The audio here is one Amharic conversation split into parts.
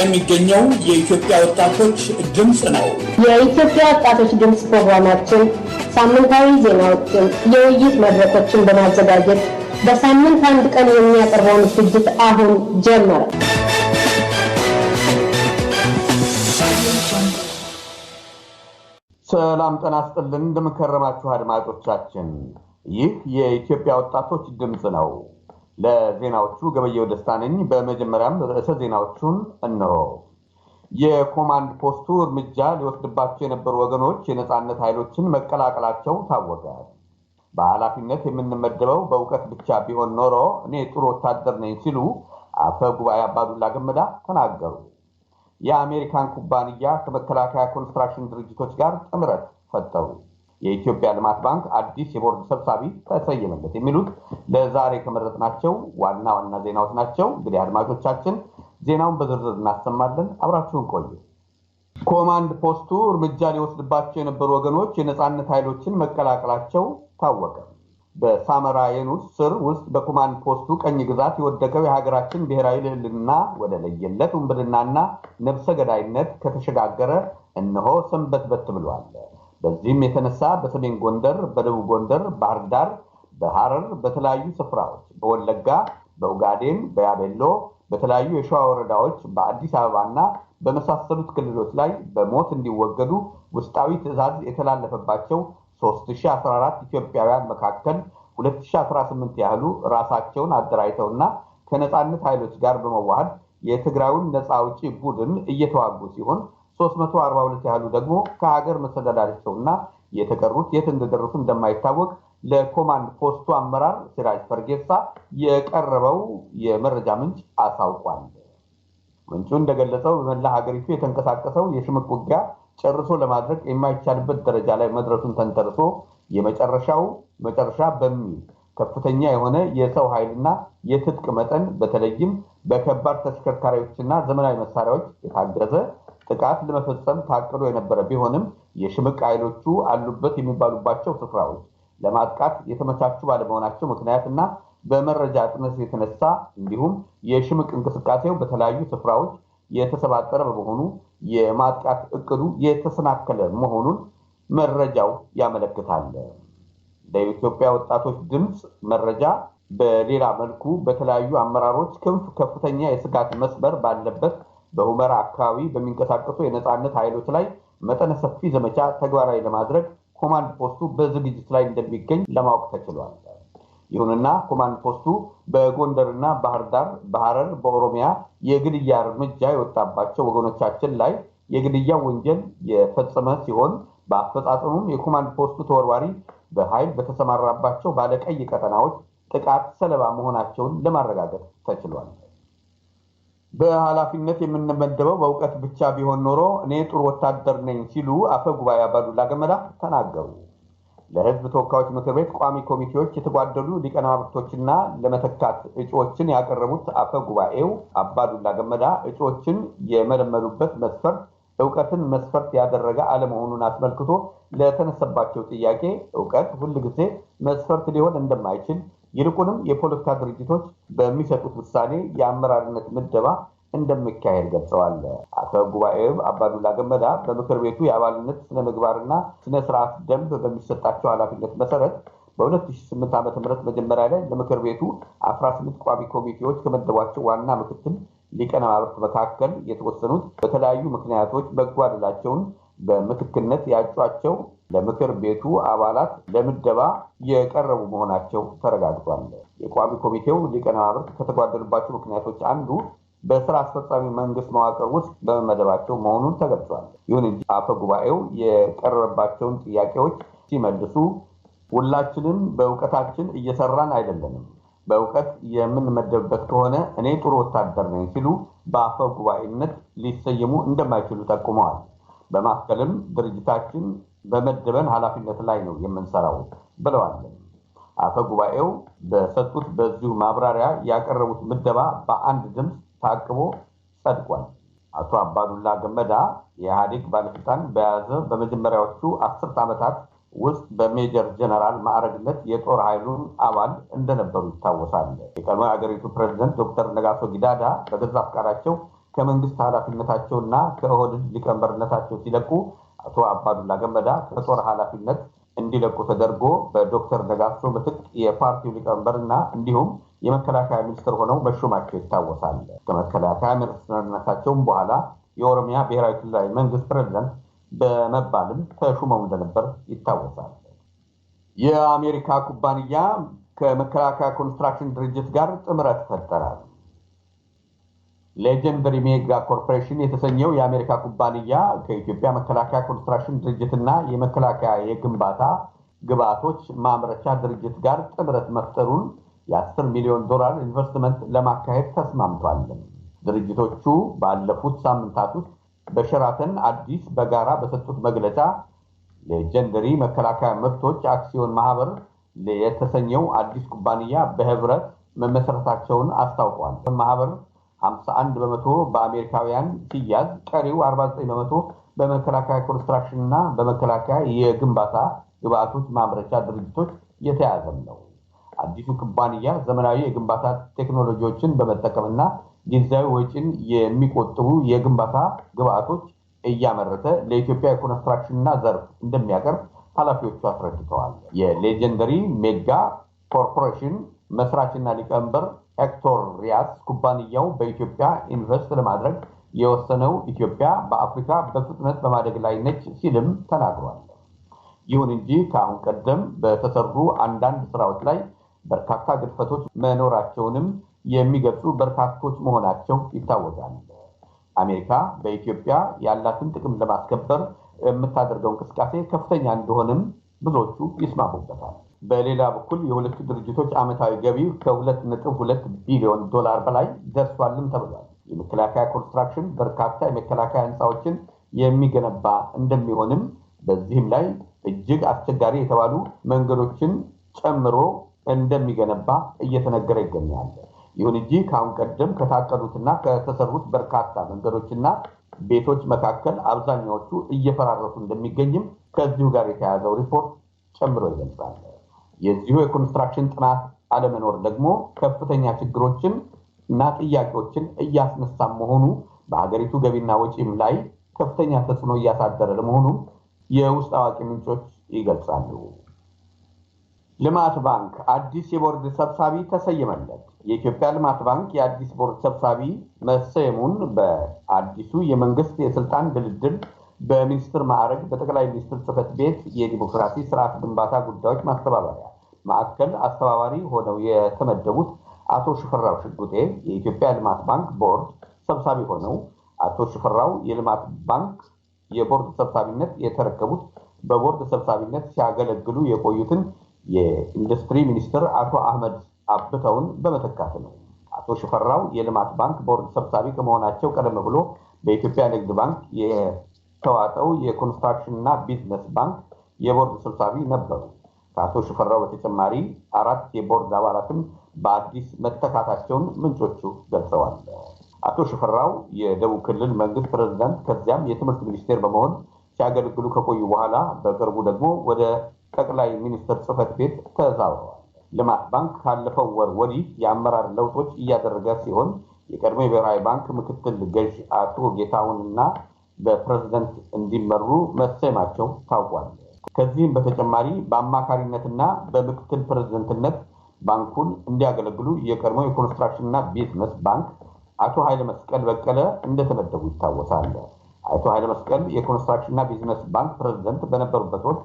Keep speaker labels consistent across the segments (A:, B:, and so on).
A: የሚገኘው የኢትዮጵያ ወጣቶች ድምፅ ነው።
B: የኢትዮጵያ ወጣቶች ድምፅ ፕሮግራማችን ሳምንታዊ ዜናዎችን፣ የውይይት መድረኮችን በማዘጋጀት በሳምንት አንድ ቀን የሚያቀርበውን ዝግጅት አሁን ጀመረ።
A: ሰላም ጤና ይስጥልን። እንደምን ከረማችሁ አድማጮቻችን። ይህ የኢትዮጵያ ወጣቶች ድምፅ ነው። ለዜናዎቹ ገበየው ደስታ ነኝ። በመጀመሪያም ርዕሰ ዜናዎቹን እነሆ። የኮማንድ ፖስቱ እርምጃ ሊወስድባቸው የነበሩ ወገኖች የነፃነት ኃይሎችን መቀላቀላቸው ታወቀ። በኃላፊነት የምንመደበው በእውቀት ብቻ ቢሆን ኖሮ እኔ ጥሩ ወታደር ነኝ ሲሉ አፈ ጉባኤ አባዱላ ገመዳ ተናገሩ። የአሜሪካን ኩባንያ ከመከላከያ ኮንስትራክሽን ድርጅቶች ጋር ጥምረት ፈጠሩ። የኢትዮጵያ ልማት ባንክ አዲስ የቦርድ ሰብሳቢ ተሰየመለት የሚሉት ለዛሬ ከመረጥናቸው ዋና ዋና ዜናዎች ናቸው። እንግዲህ አድማጮቻችን ዜናውን በዝርዝር እናሰማለን። አብራችሁን ቆዩ። ኮማንድ ፖስቱ እርምጃ ሊወስድባቸው የነበሩ ወገኖች የነፃነት ኃይሎችን መቀላቀላቸው ታወቀ። በሳመራ የኑስ ስር ውስጥ በኮማንድ ፖስቱ ቀኝ ግዛት የወደቀው የሀገራችን ብሔራዊ ልዕልና ወደ ለየለት ውንብድናና ነብሰ ገዳይነት ከተሸጋገረ እነሆ ሰንበት በት ብሏል። በዚህም የተነሳ በሰሜን ጎንደር፣ በደቡብ ጎንደር፣ ባህር ዳር፣ በሐረር፣ በተለያዩ ስፍራዎች፣ በወለጋ፣ በኡጋዴን፣ በያቤሎ፣ በተለያዩ የሸዋ ወረዳዎች፣ በአዲስ አበባና በመሳሰሉት ክልሎች ላይ በሞት እንዲወገዱ ውስጣዊ ትዕዛዝ የተላለፈባቸው 3014 ኢትዮጵያውያን መካከል 2018 ያህሉ ራሳቸውን አደራጅተውና ከነፃነት ኃይሎች ጋር በመዋሃድ የትግራዩን ነፃ አውጪ ቡድን እየተዋጉ ሲሆን ሁለት ያህሉ ደግሞ ከሀገር እና የተቀሩት የት እንደደረሱ እንደማይታወቅ ለኮማንድ ፖስቱ አመራር ሲራጅ ፈርጌሳ የቀረበው የመረጃ ምንጭ አሳውቋል። ምንጩ እንደገለጸው በመላ ሀገሪቱ የተንቀሳቀሰው የሽምቅ ውጊያ ጨርሶ ለማድረግ የማይቻልበት ደረጃ ላይ መድረሱን ተንተርሶ የመጨረሻው መጨረሻ በሚል ከፍተኛ የሆነ የሰው ኃይልና የትጥቅ መጠን በተለይም በከባድ ተሽከርካሪዎችና ዘመናዊ መሳሪያዎች የታገዘ ጥቃት ለመፈጸም ታቅዶ የነበረ ቢሆንም የሽምቅ ኃይሎቹ አሉበት የሚባሉባቸው ስፍራዎች ለማጥቃት የተመቻቹ ባለመሆናቸው ምክንያት እና በመረጃ ጥነት የተነሳ እንዲሁም የሽምቅ እንቅስቃሴው በተለያዩ ስፍራዎች የተሰባጠረ በመሆኑ የማጥቃት እቅዱ የተሰናከለ መሆኑን መረጃው ያመለክታል። ለኢትዮጵያ ወጣቶች ድምፅ መረጃ በሌላ መልኩ በተለያዩ አመራሮች ክንፍ ከፍተኛ የስጋት መስመር ባለበት በሁመራ አካባቢ በሚንቀሳቀሱ የነፃነት ኃይሎች ላይ መጠነ ሰፊ ዘመቻ ተግባራዊ ለማድረግ ኮማንድ ፖስቱ በዝግጅት ላይ እንደሚገኝ ለማወቅ ተችሏል። ይሁንና ኮማንድ ፖስቱ በጎንደርና ባህር ዳር፣ በሐረር፣ በኦሮሚያ የግድያ እርምጃ የወጣባቸው ወገኖቻችን ላይ የግድያ ወንጀል የፈጸመ ሲሆን በአፈጻጸሙም የኮማንድ ፖስቱ ተወርዋሪ በኃይል በተሰማራባቸው ባለቀይ ቀጠናዎች ጥቃት ሰለባ መሆናቸውን ለማረጋገጥ ተችሏል። በኃላፊነት የምንመደበው በእውቀት ብቻ ቢሆን ኖሮ እኔ ጥሩ ወታደር ነኝ ሲሉ አፈ ጉባኤ አባዱላ ገመዳ ተናገሩ። ለህዝብ ተወካዮች ምክር ቤት ቋሚ ኮሚቴዎች የተጓደሉ ሊቀና መብቶችና ለመተካት እጩዎችን ያቀረቡት አፈ ጉባኤው አባዱላ ገመዳ እጩዎችን የመለመሉበት መስፈርት እውቀትን መስፈርት ያደረገ አለመሆኑን አስመልክቶ ለተነሰባቸው ጥያቄ እውቀት ጊዜ መስፈርት ሊሆን እንደማይችል ይልቁንም የፖለቲካ ድርጅቶች በሚሰጡት ውሳኔ የአመራርነት ምደባ እንደሚካሄድ ገልጸዋል። አፈ ጉባኤው አባዱላ ገመዳ በምክር ቤቱ የአባልነት ስነምግባርና ስነስርዓት ደንብ በሚሰጣቸው ኃላፊነት መሰረት በ2008 ዓ ም መጀመሪያ ላይ ለምክር ቤቱ 18 ቋሚ ኮሚቴዎች ከመደቧቸው ዋና ምክትል ሊቀ መካከል የተወሰኑት በተለያዩ ምክንያቶች መጓደላቸውን በምትክነት ያጯቸው ለምክር ቤቱ አባላት ለምደባ የቀረቡ መሆናቸው ተረጋግጧል። የቋሚ ኮሚቴው ሊቀመንበር ከተጓደሉባቸው ምክንያቶች አንዱ በስራ አስፈጻሚ መንግስት መዋቅር ውስጥ በመመደባቸው መሆኑን ተገልጿል። ይሁን እንጂ አፈ ጉባኤው የቀረበባቸውን ጥያቄዎች ሲመልሱ ሁላችንም በእውቀታችን እየሰራን አይደለንም፣ በእውቀት የምንመደብበት ከሆነ እኔ ጥሩ ወታደር ነኝ ሲሉ በአፈ ጉባኤነት ሊሰየሙ እንደማይችሉ ጠቁመዋል። በማከልም ድርጅታችን በመደበን ኃላፊነት ላይ ነው የምንሰራው ብለዋል። አፈ ጉባኤው በሰጡት በዚሁ ማብራሪያ ያቀረቡት ምደባ በአንድ ድምፅ ታቅቦ ጸድቋል። አቶ አባዱላ ገመዳ የኢህአዴግ ባለስልጣን በያዘ በመጀመሪያዎቹ አስርት ዓመታት ውስጥ በሜጀር ጀነራል ማዕረግነት የጦር ኃይሉን አባል እንደነበሩ ይታወሳል። የቀድሞ የአገሪቱ ፕሬዚደንት ዶክተር ነጋሶ ጊዳዳ በገዛ ፈቃዳቸው ከመንግስት እና ከኦህዴድ ሊቀመንበርነታቸው ሲለቁ አቶ አባዱላ ገመዳ ከጦር ኃላፊነት እንዲለቁ ተደርጎ በዶክተር ነጋሶ ምትክ የፓርቲው ሊቀመንበርና እንዲሁም የመከላከያ ሚኒስትር ሆነው መሾማቸው ይታወሳል። ከመከላከያ ሚኒስትርነታቸውም በኋላ የኦሮሚያ ብሔራዊ ክልላዊ መንግስት ፕሬዚደንት በመባልም ተሹመው እንደነበር ይታወሳል። የአሜሪካ ኩባንያ ከመከላከያ ኮንስትራክሽን ድርጅት ጋር ጥምረት ፈጠራል። ሌጀንደሪ ሜጋ ኮርፖሬሽን የተሰኘው የአሜሪካ ኩባንያ ከኢትዮጵያ መከላከያ ኮንስትራክሽን ድርጅትና የመከላከያ የግንባታ ግብዓቶች ማምረቻ ድርጅት ጋር ጥምረት መፍጠሩን የ10 ሚሊዮን ዶላር ኢንቨስትመንት ለማካሄድ ተስማምቷል። ድርጅቶቹ ባለፉት ሳምንታት ውስጥ በሸራተን አዲስ በጋራ በሰጡት መግለጫ ሌጀንደሪ መከላከያ መብቶች አክሲዮን ማህበር የተሰኘው አዲስ ኩባንያ በህብረት መመሰረታቸውን አስታውቋል። ማህበር 51 በመቶ በአሜሪካውያን ሲያዝ ቀሪው 49 በመቶ በመከላከያ ኮንስትራክሽን እና በመከላከያ የግንባታ ግብአቶች ማምረቻ ድርጅቶች የተያዘም ነው። አዲሱ ኩባንያ ዘመናዊ የግንባታ ቴክኖሎጂዎችን በመጠቀምና ጊዜያዊ ወጪን የሚቆጥቡ የግንባታ ግብአቶች እያመረተ ለኢትዮጵያ የኮንስትራክሽንና ዘርፍ እንደሚያቀርብ ኃላፊዎቹ አስረድተዋል። የሌጀንደሪ ሜጋ ኮርፖሬሽን መስራችና ሊቀመንበር ኤክቶሪያስ ኩባንያው በኢትዮጵያ ኢንቨስት ለማድረግ የወሰነው ኢትዮጵያ በአፍሪካ በፍጥነት በማደግ ላይ ነች ሲልም ተናግሯል። ይሁን እንጂ ከአሁን ቀደም በተሰሩ አንዳንድ ስራዎች ላይ በርካታ ግድፈቶች መኖራቸውንም የሚገልጹ በርካቶች መሆናቸው ይታወቃል። አሜሪካ በኢትዮጵያ ያላትን ጥቅም ለማስከበር የምታደርገው እንቅስቃሴ ከፍተኛ እንደሆነም ብዙዎቹ ይስማሙበታል። በሌላ በኩል የሁለቱ ድርጅቶች ዓመታዊ ገቢ ከ2.2 ቢሊዮን ዶላር በላይ ደርሷልም ተብሏል። የመከላከያ ኮንስትራክሽን በርካታ የመከላከያ ህንፃዎችን የሚገነባ እንደሚሆንም በዚህም ላይ እጅግ አስቸጋሪ የተባሉ መንገዶችን ጨምሮ እንደሚገነባ እየተነገረ ይገኛል። ይሁን እንጂ ከአሁን ቀደም ከታቀዱትና ከተሰሩት በርካታ መንገዶችና ቤቶች መካከል አብዛኛዎቹ እየፈራረሱ እንደሚገኝም ከዚሁ ጋር የተያያዘው ሪፖርት ጨምሮ ይገልጻል። የዚሁ የኮንስትራክሽን ጥናት አለመኖር ደግሞ ከፍተኛ ችግሮችን እና ጥያቄዎችን እያስነሳ መሆኑ በሀገሪቱ ገቢና ወጪም ላይ ከፍተኛ ተጽዕኖ እያሳደረ ለመሆኑም የውስጥ አዋቂ ምንጮች ይገልጻሉ። ልማት ባንክ አዲስ የቦርድ ሰብሳቢ ተሰየመለት። የኢትዮጵያ ልማት ባንክ የአዲስ ቦርድ ሰብሳቢ መሰየሙን በአዲሱ የመንግስት የስልጣን ድልድል በሚኒስትር ማዕረግ በጠቅላይ ሚኒስትር ጽህፈት ቤት የዲሞክራሲ ስርዓት ግንባታ ጉዳዮች ማስተባበሪያ ማዕከል አስተባባሪ ሆነው የተመደቡት አቶ ሽፈራው ሽጉጤ የኢትዮጵያ ልማት ባንክ ቦርድ ሰብሳቢ ሆነው አቶ ሽፈራው የልማት ባንክ የቦርድ ሰብሳቢነት የተረከቡት በቦርድ ሰብሳቢነት ሲያገለግሉ የቆዩትን የኢንዱስትሪ ሚኒስትር አቶ አህመድ አብተውን በመተካት ነው። አቶ ሽፈራው የልማት ባንክ ቦርድ ሰብሳቢ ከመሆናቸው ቀደም ብሎ በኢትዮጵያ ንግድ ባንክ የተዋጠው የኮንስትራክሽን እና ቢዝነስ ባንክ የቦርድ ሰብሳቢ ነበሩ። ከአቶ ሽፈራው በተጨማሪ አራት የቦርድ አባላትም በአዲስ መተካታቸውን ምንጮቹ ገልጸዋል። አቶ ሽፈራው የደቡብ ክልል መንግስት ፕሬዚዳንት ከዚያም የትምህርት ሚኒስቴር በመሆን ሲያገለግሉ ከቆዩ በኋላ በቅርቡ ደግሞ ወደ ጠቅላይ ሚኒስትር ጽህፈት ቤት ተዛውረዋል። ልማት ባንክ ካለፈው ወር ወዲህ የአመራር ለውጦች እያደረገ ሲሆን የቀድሞ የብሔራዊ ባንክ ምክትል ገዥ አቶ ጌታሁንና በፕሬዝደንት እንዲመሩ መሰማቸው ታውቋል። ከዚህም በተጨማሪ በአማካሪነትና በምክትል ፕሬዝደንትነት ባንኩን እንዲያገለግሉ የቀድሞ የኮንስትራክሽንና ቢዝነስ ባንክ አቶ ኃይለ መስቀል በቀለ እንደተመደቡ ይታወሳል። አቶ ኃይለ መስቀል የኮንስትራክሽንና ቢዝነስ ባንክ ፕሬዝደንት በነበሩበት ወቅት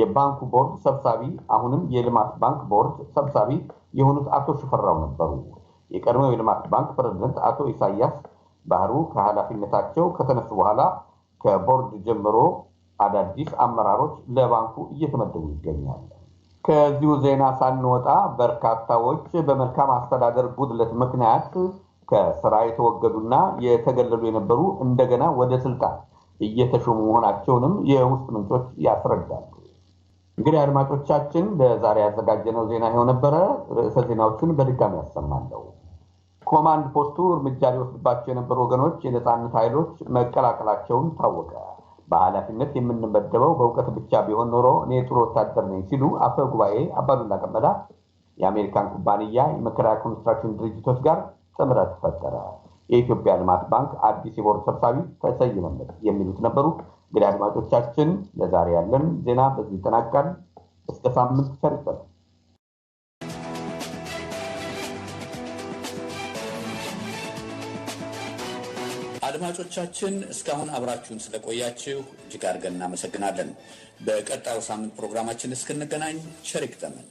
A: የባንኩ ቦርድ ሰብሳቢ፣ አሁንም የልማት ባንክ ቦርድ ሰብሳቢ የሆኑት አቶ ሽፈራው ነበሩ። የቀድሞው የልማት ባንክ ፕሬዝደንት አቶ ኢሳያስ ባህሩ ከኃላፊነታቸው ከተነሱ በኋላ ከቦርድ ጀምሮ አዳዲስ አመራሮች ለባንኩ እየተመደቡ ይገኛሉ። ከዚሁ ዜና ሳንወጣ በርካታዎች በመልካም አስተዳደር ጉድለት ምክንያት ከስራ የተወገዱና የተገለሉ የነበሩ እንደገና ወደ ስልጣን እየተሾሙ መሆናቸውንም የውስጥ ምንጮች ያስረዳሉ። እንግዲህ አድማጮቻችን ለዛሬ ያዘጋጀነው ዜና ይኸው ነበረ። ርዕሰ ዜናዎቹን በድጋሚ ያሰማለሁ። ኮማንድ ፖስቱ እርምጃ ሊወስድባቸው የነበሩ ወገኖች የነፃነት ኃይሎች መቀላቀላቸውን ታወቀ። በኃላፊነት የምንመደበው በእውቀት ብቻ ቢሆን ኖሮ እኔ ጥሩ ወታደር ነኝ ሲሉ አፈ ጉባኤ አባዱላ ገመዳ የአሜሪካን ኩባንያ የመከራ ኮንስትራክሽን ድርጅቶች ጋር ጥምረት ፈጠረ። የኢትዮጵያ ልማት ባንክ አዲስ የቦርድ ሰብሳቢ ተሰይመለት የሚሉት ነበሩ። እንግዲህ አድማጮቻችን ለዛሬ ያለን ዜና በዚህ ይጠናቃል። እስከ ሳምንት ሰርጠል አድማጮቻችን እስካሁን አብራችሁን ስለቆያችሁ እጅግ አድርገን እናመሰግናለን። በቀጣዩ ሳምንት ፕሮግራማችን እስክንገናኝ ቸር ይግጠመን።